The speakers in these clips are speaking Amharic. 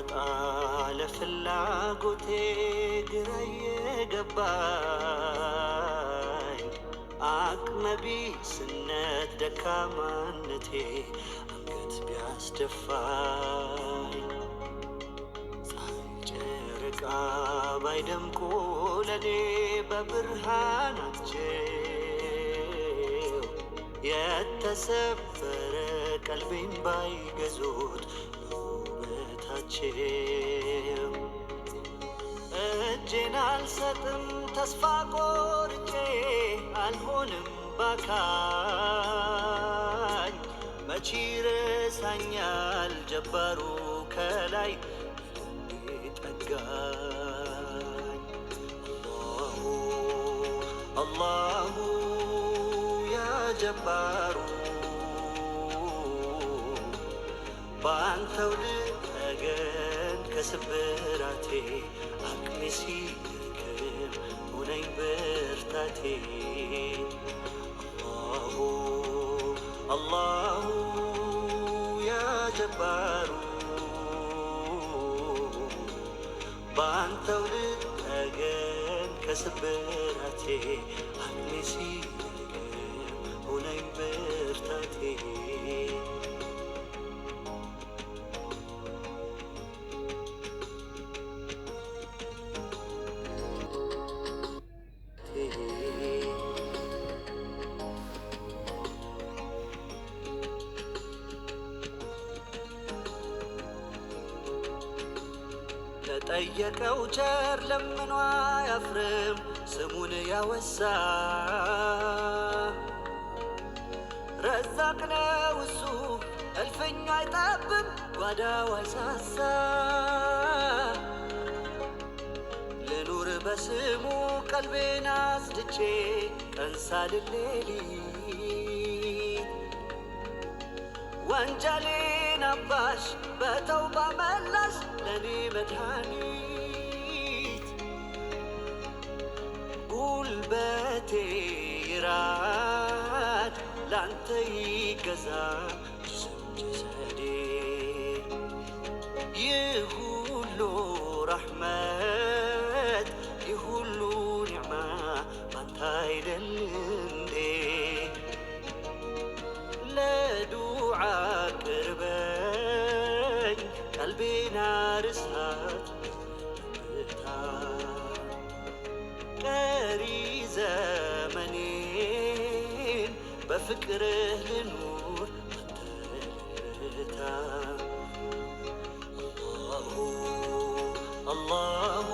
ሳጣ ለፍላጎቴ ግራ የገባኝ አቅመቢስነት ደካማነቴ አንገት ቢያስደፋኝ ፀሐይ ጨረቃ ባይደምቁ ለኔ በብርሃናቸው የተሰበረ ቀልቤን ባይገዙት አልችል እጄን አልሰጥም ተስፋ ቆርጬ አልሆንም ባካኝ መቼ ረሳኛል ጀባሩ ከላይ ጠጋኝ አላሁ አላሁ ያ ጀባሩ በአንተው ለስብራቴ አቅሜ ሲደክም ሁነኝ ብርታቴ አላሁ አላሁ ያ ጀባሩ ልጠገን ከስብራቴ አቅሜ ጠየቀው ቸር ለምኖ አያፍርም ስሙን ያወሳ ረዛቅ ነው እሱ እልፍኛ አይጠብም ጓዳው አይሳሳ ልኑር በስሙ ቀልቤን አስድቼ ቀንሳልሌሊ ወንጀሌ ነባሽ በተውባ መላሽ ለኔ መድኃኒት ጉልበቴ ይራድ ላንተ ይገዛ ይህ ሁሉ ረሕመት ይህ ሁሉ ኒዕማ ባንተ አይደል እንዴ ለዱዓ ቅርበት በፍቅርህ ልኑር አላሁ አላሁ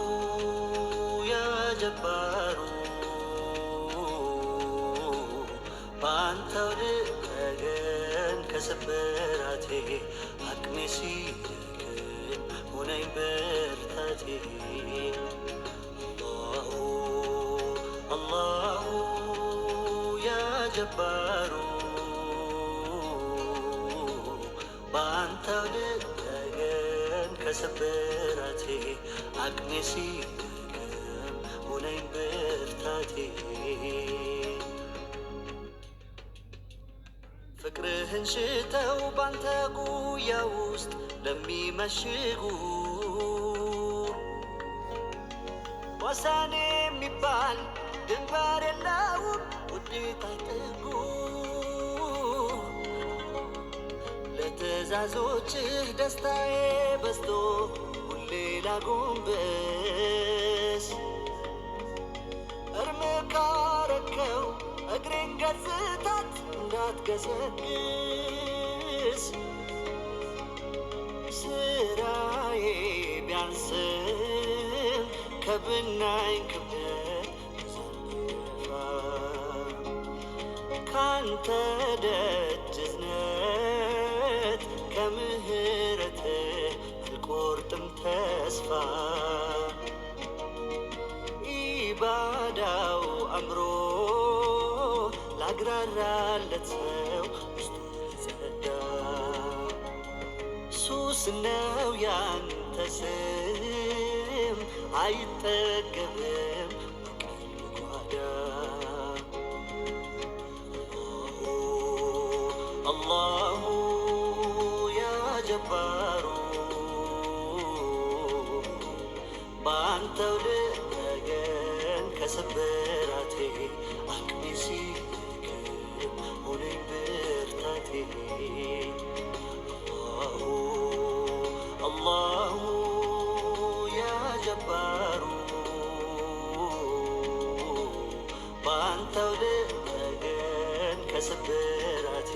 አቅሜ ብርታቴ ጀባሩ በአንተው ልጠገን ከስብራቴ አቅሜ ሲደክም ሁነኝ ብርታቴ ፍቅርህን ሽተው ባንተ ጉያ ውስጥ ለሚመሽጉ ዋሳኔ የሚባል ድንበር የለውም። ቅጣይ ጥጉ ለትእዛዞችህ ደስታዬ በዝቶ ሁሌ ላጎንብስ እርም ካረከው እግሬን ገጽታት እንዳትገሰግስ ስራዬ ቢያንስም ከብናኝ ካንተ ደጅ እዝነት ከምሕረትህ አልቆርጥም ተስፋ ኢባዳው አምሮ ላግራራለት ሰው ውስጡ ይጸዳ ሱስ ነው ያንተ ስም አይጠገብም الله يا جبار በአንተ ውድ ነገን ከስብራቴ አቅሚሲ ሁነኝ ብርታቴ አላሁ አላሁ ያ ጀባሩ በአንተ ውድ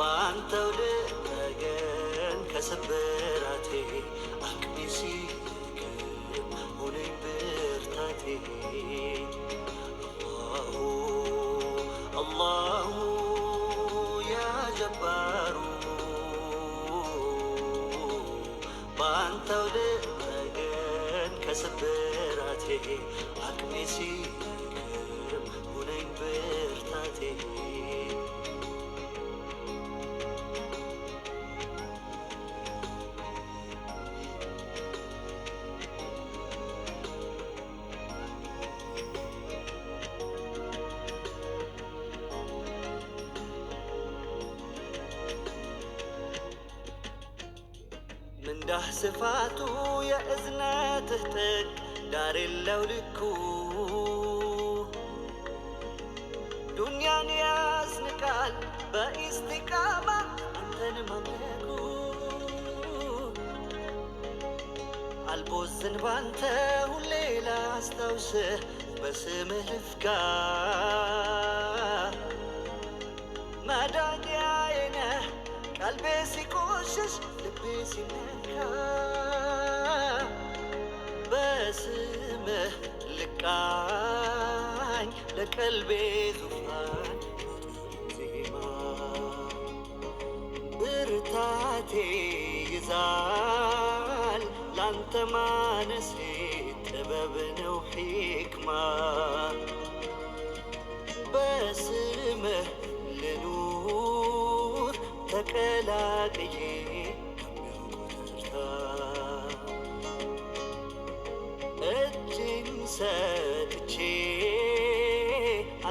በአንተው ልጠገን ከሰበራቴ አቅሜ ሲደክም ሁነኝ ብርታቴ። አላሁ አላሁ ያ በአንተው ልጠገን ከሰበራቴ ስፋቱ የእዝነትህ ጥግ ዳር የለው ልኩ ዱንያን ያስንቃል በኢስቲቃማ አንተን ማምለኩ አልቦዝን ባንተ ሁሌ ላስታውስህ በስምህ ልፍጋ መዳንያዬ ነህ ቀልቤ ሲቆሽሽ ሲነካ በስምህ ልቃኝ ለቀልቤ ዙፋን ዜማ ብርታቴ ይዛል ላንተ ማነሴ ጥበብ ነው ሕክማ በስምህ ልኑር ተቀላቅዬ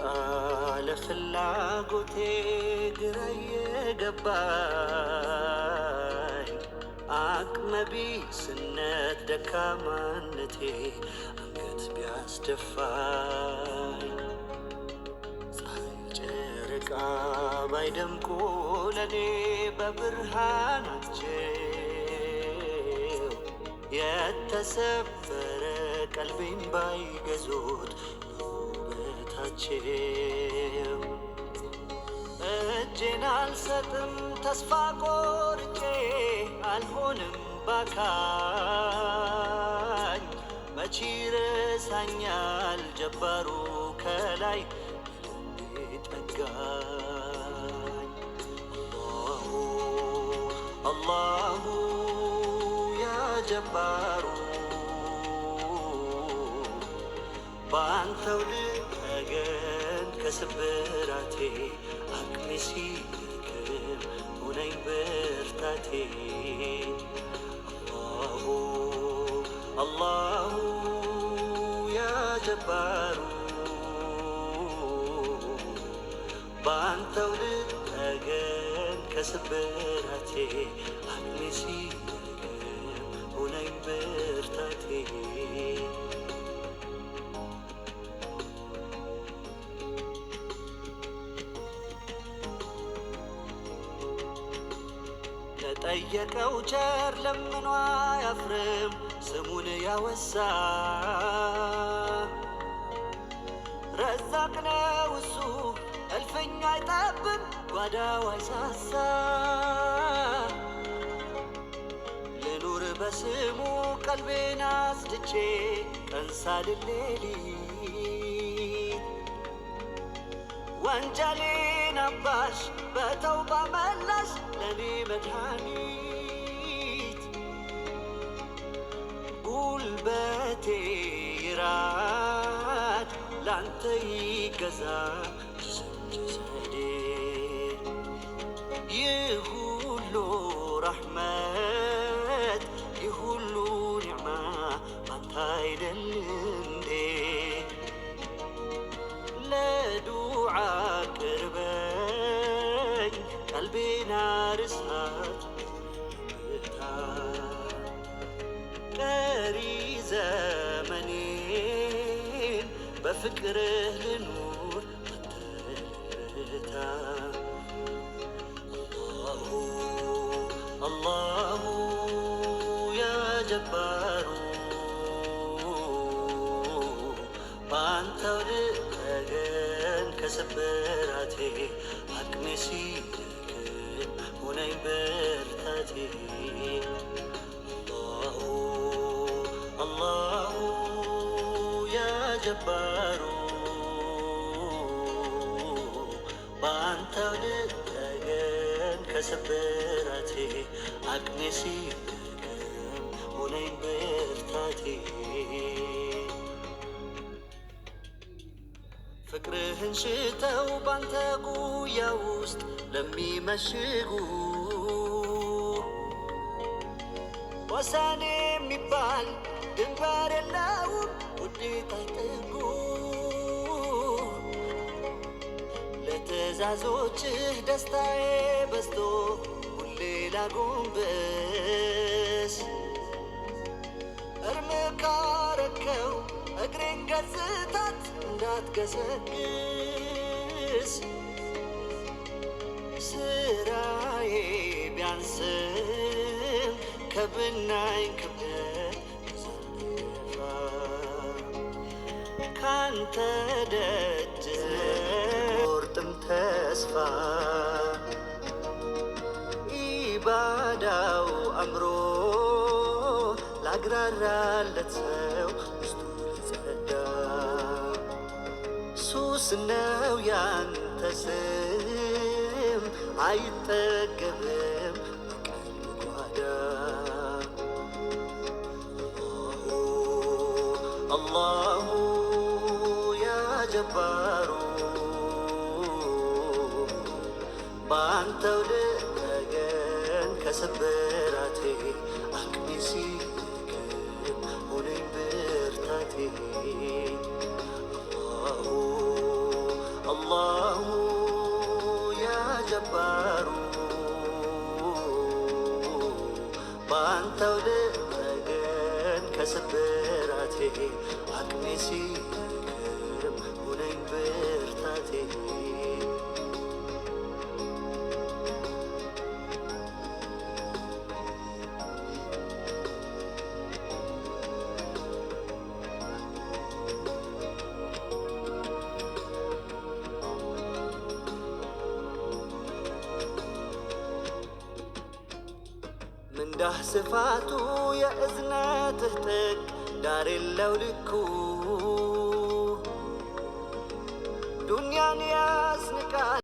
በጣለ ፍላጎቴ ግራ የገባኝ አቅመ ቢስነት ደካማነቴ አንገት ቢያስደፋኝ ፀሐይ ጨረቃ ባይደምቁ ለኔ በብርሃናቸው የተሰበረ ቀልቤን ባይገዙት አልችል እጄን አልሰጥም ተስፋ ቆርጬ አልሆንም ባካኝ መቼ ረሳኛል ጀባሩ ከላይ ጠጋኝ አላሁ አላሁ ያ በአንተው ለስብራቴ አቅሜ ሲደክም ሁነኝ ብርታቴ። አላሁ አላሁ ያ በአንተው ልጠገን ከስብራቴ አቅሜ ጠየቀው ቸር ለምኗ አያፍርም ስሙን ያወሳ ረዛቅ ነው እሱ እልፍኝ አይጠብም ጓዳው አይሳሳ ልኑር በስሙ ቀልቤን አስድቼ ቀን ሳልሌሊት ወንጀሌን አባሽ በተውባ مدحانيت قول باتيرات كذا رحمات يهول نعمة ما تايدني በናር እሳት ብታ ቀሪ ዘመኔን በፍቅርህ ልኑር አትርታ። አላሁ አላሁ ያ ጀባሩ ልጠገን ከስብራቴ አቅሜ ሲ هناي برتاتي الله الله يا جبار بانت ودقن كسبراتي أقنسي هناي برتاتي ፍቅርህን ሽተው ባንተ ጉያ ውስጥ ለሚመሽጉ ወሳኔ የሚባል ድንበር የለውም ውዴታ ጥጉ ለትዕዛዞችህ ደስታዬ በዝቶ ሁሌ ላጎንብስ እግሬን ገጽታት እንዳትገሰግስ ስራዬ ቢያንስም ከብናኝ ክብደት ዘርፋ ካንተ ደጅ ቆርጥም ተስፋ ኢባዳው አምሮ ላግራራለት ሰው ጸዳ ሱስ ነው ያንተ ስም አይጠገብም በቀኝ ጓዳ አላሁ ያ ጀባሩ በአንተው ከስብራ ስፋቱ የእዝነትህ ጥግ ዳር የለው ልኩ